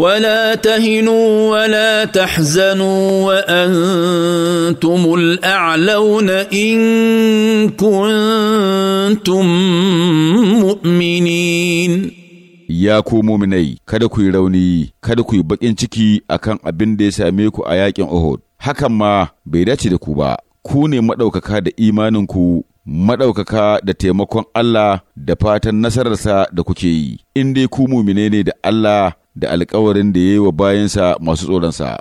ولا تهنوا ولا تحزنوا وانتم الاعلون ان كنتم مؤمنين ya ku muminai kada ku yi rauni kada ku yi bakin ciki akan abin da ya same ku a yakin Uhud hakan ma bai dace da ku ba ku ne maɗaukaka da imanin ku maɗaukaka da taimakon Allah da fatan nasararsa da kuke yi in dai ku mumine ne da Allah da alkawarin da ya yi wa bayansa masu tsoronsa.